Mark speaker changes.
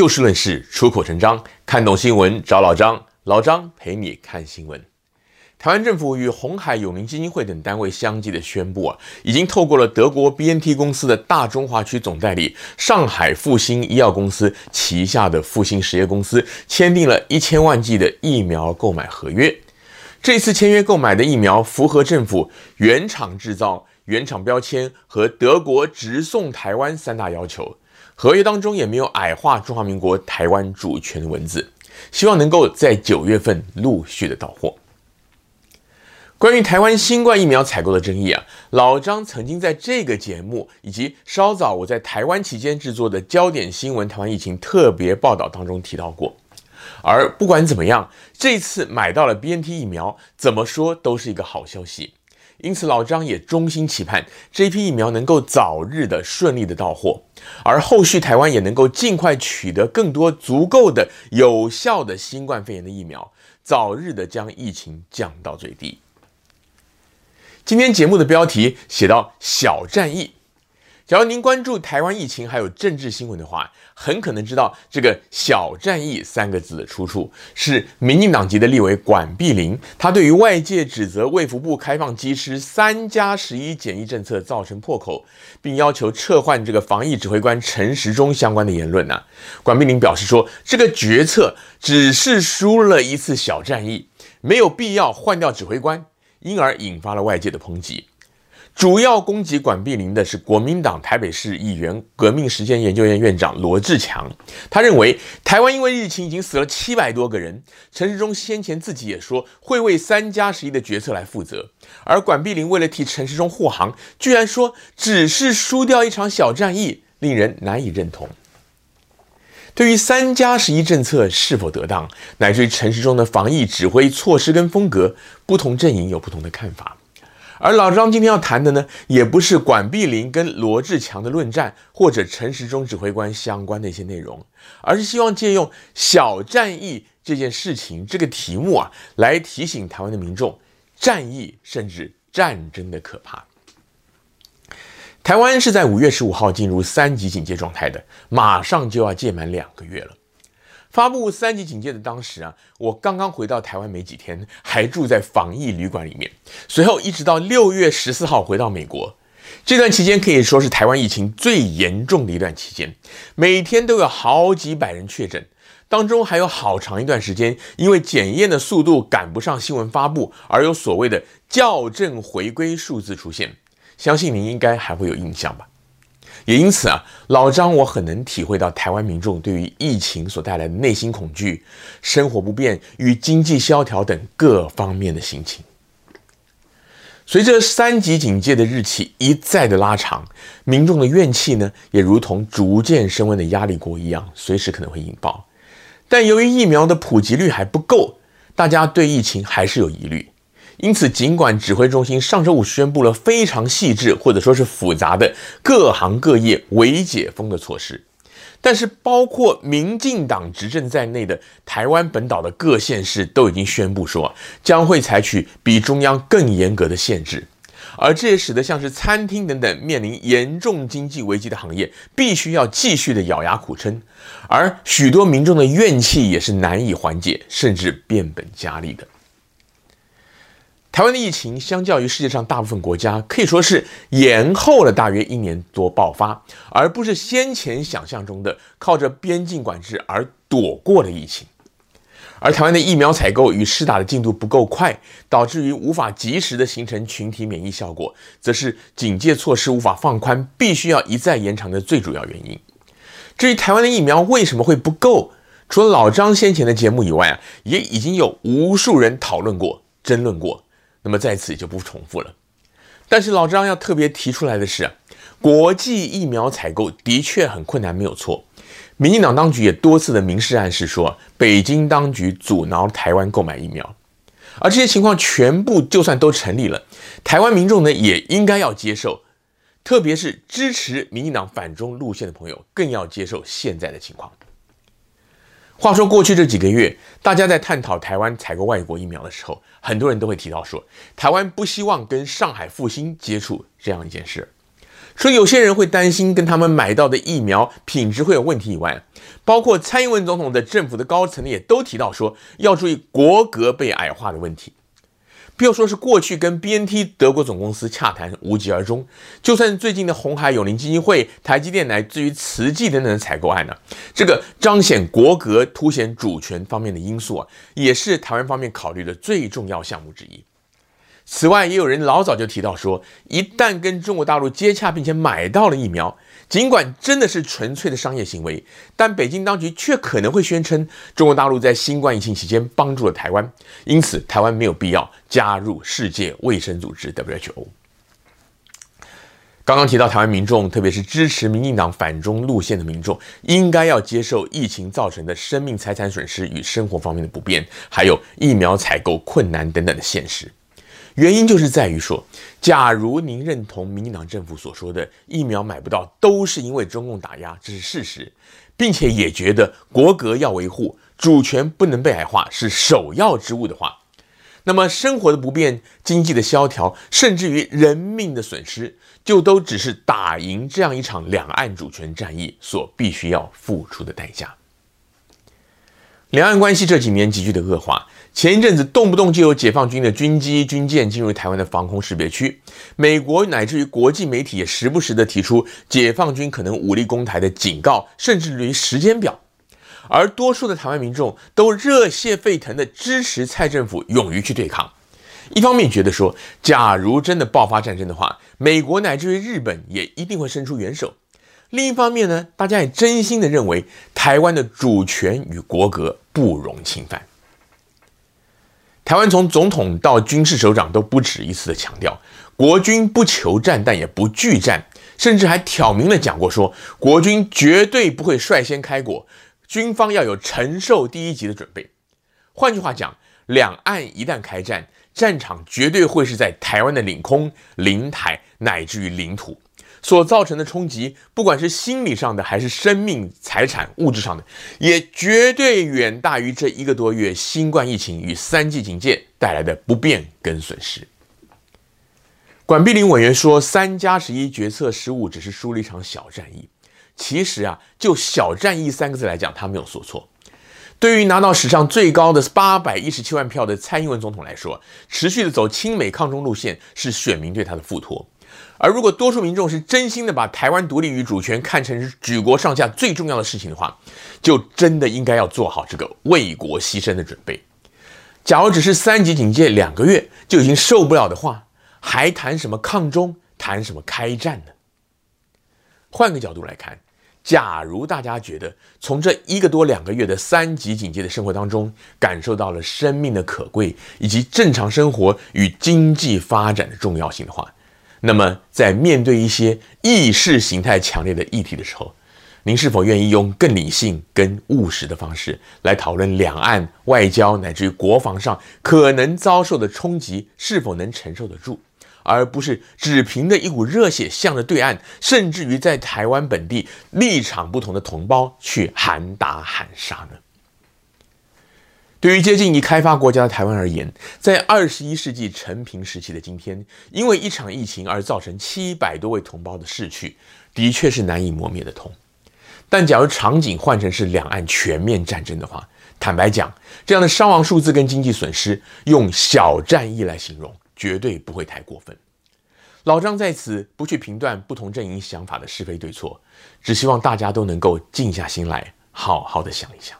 Speaker 1: 就事論事，出口成章。看懂新聞，找老張。老張陪你看新聞。台灣政府與鴻海永齡基金會等單位相繼的宣布啊，已經透過了德國 B N T 公司的大中華區總代理上海復星醫藥公司旗下的復星實業公司，簽訂了一千萬劑的疫苗購買合約。這次簽約購買的疫苗符合政府原廠製造、原廠標籤和德國直送台灣三大要求。合約當中也沒有矮化中華民國台灣主權的文字，希望能夠在九月份陸續的到貨。關於台灣新冠疫苗採購的爭議啊，老章曾經在這個節目以及稍早我在台灣期間制作的焦點新聞台灣疫情特別報道當中提到過。而不管怎麼樣，這次買到了 BNT 疫苗，怎麼說都是一個好消息。因此，老張也衷心期盼這一批疫苗能夠早日的順利的到貨，而後續台灣也能夠盡快取得更多足夠的有效的新冠肺炎的疫苗，早日的將疫情降到最低。今天節目的標題寫到“小戰役”。只要您關注台灣疫情還有政治新聞的話，很可能知道這個“小戰役”三個字的出處是民進黨籍的立委管碧玲，他對於外界指責衛福部開放機師“三加十一”檢疫政策造成破口，並要求撤換這個防疫指揮官陳時中相關的言論呢、啊，管碧玲表示說：“這個決策只是輸了一次小戰役，沒有必要換掉指揮官”，因而引發了外界的抨擊。主要攻擊管碧玲的是國民黨台北市議員、革命實踐研究院院長羅志強。他認為，台灣因為疫情已經死了七百多個人。陳時中先前自己也說會為“三加十一”的決策來負責，而管碧玲為了替陳時中護航，居然說只是輸掉一場小戰役，令人難以認同。對於“三加十一”政策是否得當，乃至於陳時中的防疫指揮措施跟風格，不同陣營有不同的看法。而老張今天要談的呢，也不是管碧玲跟羅智強的論戰，或者陳時中指揮官相關的一些內容，而是希望借用小戰役這件事情這個題目啊，來提醒台灣的民眾，戰役甚至戰爭的可怕。台灣是在五月十五號進入三級警戒狀態的，馬上就要屆滿兩個月了。發布三級警戒的當時啊，我剛剛回到台灣沒幾天，還住在防疫旅館裡面。隨後一直到六月十四號回到美國，這段期間可以說是台灣疫情最嚴重的一段期間，每天都有好幾百人確診，當中還有好長一段時間，因為檢驗的速度趕不上新聞發布，而有所謂的校正回歸數字出現。相信您應該還會有印象吧。也因此啊，老張，我很能體會到台灣民眾對於疫情所帶來的內心恐懼、生活不便與經濟蕭條等各方面的心情。隨着三級警戒的日期一再的拉長，民眾的怨氣呢，也如同逐漸升溫的壓力鍋一樣，隨時可能會引爆。但由於疫苗的普及率還不夠，大家對疫情還是有疑慮。因此，儘管指揮中心上周五宣布了非常細緻或者說是複雜的各行各業微解封的措施，但是包括民進黨執政在內的台灣本島的各縣市都已經宣布說將會採取比中央更嚴格的限制，而這也使得像是餐廳等等面臨嚴重經濟危機的行業必須要繼續的咬牙苦撐，而許多民眾的怨氣也是難以緩解，甚至變本加厲的。台灣的疫情相較於世界上大部分國家，可以說是延後了大約一年多爆發，而不是先前想象中的靠着邊境管制而躲過了疫情。而台灣的疫苗採購與施打的進度不夠快，導致於無法及時的形成群體免疫效果，則是警戒措施無法放寬，必須要一再延長的最主要原因。至於台灣的疫苗為什麼會不夠，除了老章先前的節目以外啊，也已經有無數人討論過、爭論過。那麼在此也就不重複了。但是老張要特別提出來的是啊，國際疫苗採購的確很困難，沒有錯。民進黨當局也多次的明示暗示說，北京當局阻撓台灣購買疫苗。而這些情況全部就算都成立了，台灣民眾呢也應該要接受，特別是支持民進黨反中路線的朋友更要接受現在的情況。話說過去這幾個月，大家在探討台灣採購外國疫苗的時候，很多人都會提到說，台灣不希望跟上海復星接觸這樣一件事。所以有些人會擔心跟他們買到的疫苗品質會有問題以外，包括蔡英文總統的政府的高層也都提到說，要注意國格被矮化的問題。不要說是過去跟 BNT 德國總公司洽談無疾而終，就算最近的鴻海永齡基金會、台積電乃至於慈濟等等的採購案呢、啊，這個彰顯國格、凸顯主權方面的因素啊，也是台灣方面考慮的最重要項目之一。此外，也有人老早就提到說，一旦跟中國大陸接洽並且買到了疫苗。儘管真的是純粹的商業行為，但北京當局卻可能會宣稱中國大陸在新冠疫情期間幫助了台灣，因此台灣沒有必要加入世界衛生組織 WHO。剛剛提到台灣民眾，特別是支持民進黨反中路線的民眾，應該要接受疫情造成的生命財產損失與生活方面的不便，還有疫苗採購困難等等的現實。原因就是在於說，假如您認同民進黨政府所說的疫苗買不到都是因為中共打壓，這是事實，並且也覺得國格要維護、主權不能被矮化是首要之務的話，那麼生活的不便、經濟的蕭條，甚至於人命的損失，就都只是打贏這樣一場兩岸主權戰役所必須要付出的代價。兩岸關係這幾年急劇的惡化，前一陣子動不動就有解放軍的軍機、軍艦進入台灣的防空識別區，美國乃至於國際媒體也時不時的提出解放軍可能武力攻台的警告，甚至於時間表，而多數的台灣民眾都熱血沸騰的支持蔡政府勇於去對抗，一方面覺得說，假如真的爆發戰爭的話，美國乃至於日本也一定會伸出援手。另一方面呢，大家也真心的認為，台灣的主權與國格，不容侵犯。台灣從總統到軍事首長都不止一次的強調，國軍不求戰，但也不懼戰，甚至還挑明了講過說，說國軍絕對不會率先開火，軍方要有承受第一擊的準備。換句話講，兩岸一旦開戰，戰場絕對會是在台灣的領空、領海，乃至於領土。所造成的衝擊，不管是心理上的，還是生命、財產、物質上的，也絕對遠大於這一個多月新冠疫情與三級警戒帶來的不便跟損失。管碧玲委員說：“三加十一決策失誤只是輸了一場小戰役。”其實啊，就“小戰役”三個字來講，她沒有說錯。對於拿到史上最高的八百一十七萬票的蔡英文總統來說，持續的走親美抗中路線是選民對他的付託。而如果多數民眾是真心的把台灣獨立與主權看成是舉國上下最重要的事情的話，就真的應該要做好這個為國犧牲的準備。假如只是三級警戒兩個月就已經受不了的話，還談什麼抗中，談什麼開戰呢？換個角度來看，假如大家覺得從這一個多兩個月的三級警戒的生活當中，感受到了生命的可貴以及正常生活與經濟發展的重要性的話，那麼，在面對一些意識形態強烈的議題的時候，您是否願意用更理性跟務實的方式來討論兩岸外交乃至於國防上可能遭受的衝擊是否能承受得住，而不是只憑着一股熱血向着對岸，甚至於在台灣本地立場不同的同胞去喊打喊殺呢？對於接近已開發國家的台灣而言，在二十一世紀承平時期的今天，因為一場疫情而造成七百多位同胞的逝去，的確是難以磨滅的痛。但假如場景換成是兩岸全面戰爭的話，坦白講，這樣的傷亡數字跟經濟損失，用小戰役來形容，絕對不會太過分。老章在此不去評斷不同陣營想法的是非對錯，只希望大家都能夠靜下心來，好好的想一想。